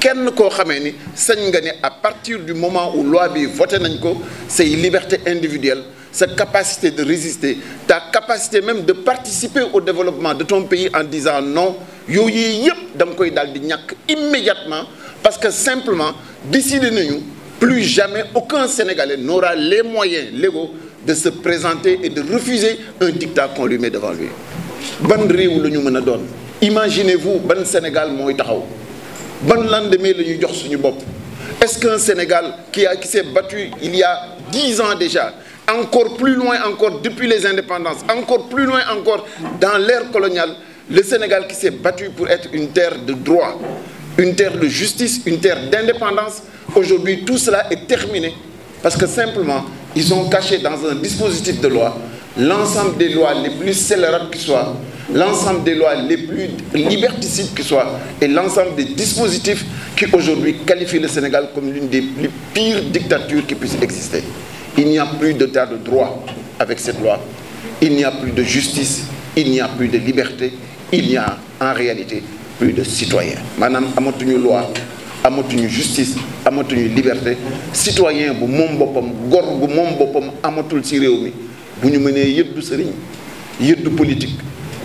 kenn koo xamee ni sañ nga ne à partir du moment où loi bi voté nañ ko say liberté individuelle sa capacité de résister ta capacité même de participer au développement de ton pays en disant non yooyu yëpp da nga koy daal di ñàkk immédiatement parce que simplement décider nañu plus jamais aucun Sénégalais n'aura les moyens légaux de se présenter et de refuser un dictat qu'on lui met devant lui ban réew la ñu mën a doon imaginez-vous ban Sénégal mooy taxaw ban lendemain la ñu jox suñu bopp est-ce qu'un Sénégal qui a qui s'est battu il y a dix ans déjà encore plus loin encore depuis les indépendances encore plus loin encore dans l'ère coloniale le Sénégal qui s'est battu pour être une terre de droit une terre de justice une terre d'indépendance aujourd'hui tout cela est terminé parce que simplement ils ont caché dans un dispositif de loi l'ensemble des lois les plus scélérates qui soient l'ensemble des lois les plus liberticides qui soient et l'ensemble des dispositifs qui aujourd'hui qualifient le Sénégal comme l'une des plus pires dictatures qui puissent exister. Il n'y a plus d'état de droit avec cette loi. Il n'y a plus de justice, il n'y a plus de liberté, il n'y a en réalité plus de citoyens. maanaam amatuñu loi amatuñu justice amatuñu liberté citoyen bu moom boppam gor bu moom boppam amatul ci réew mi bu ñu mënee yëddu sëriñ yëddu politique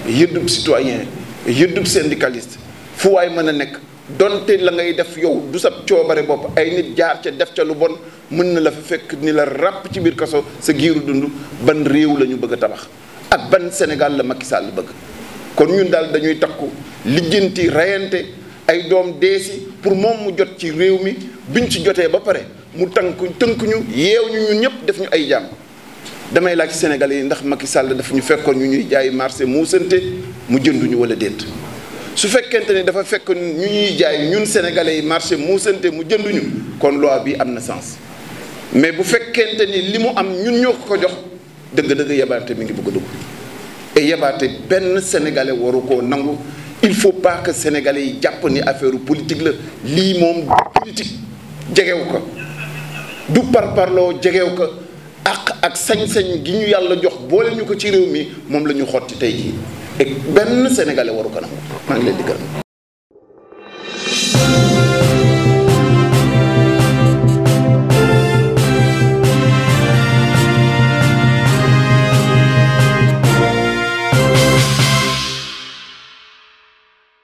yëddub citoyen yëddub syndicaliste fu waay mën a nekk donte la ngay def yow du sa coobare bopp ay nit jaar ca def ca lu bon mën na la fa fekk ni la ràpp ci biir kaso sa giiru dund ban réew la ñu bëgg a tabax ak ban Sénégal la Macky Sall bëgg kon ñun daal dañuy takku lijjanti reyante ay doom deesi pour moom mu jot ci réew mi biñ ci jotee ba pare mu tànk tënk ñu yeew ñu ñun ñëpp def ñu ay jàmm damay laaj Sénégalais yi ndax Macky Sall dafa ñu fekkoon ñu ñuy jaay marché muusante mu jënduñu wala déet su fekkente ni dafa fekk ñu ñuy jaay ñun sénégalais yi marché muusante mu jënduñu kon loi bi am na sens mais bu fekkente ni li mu am ñun ñoo ko ko jox dëgg-dëgg yabaate mi ngi bëgg a dugg et yabaate benn sénégalais waru koo nangu il faut pas que sénégalais yi jàpp ni affaire politique la lii moom politique jegew ko du parparloo jegew ko àq ak sañ-sañ gi ñu yàlla jox boole ñu ko ci réew mi moom la ñu xotti tey jii et benn sénégalais waru ko nangu maa ngi leen di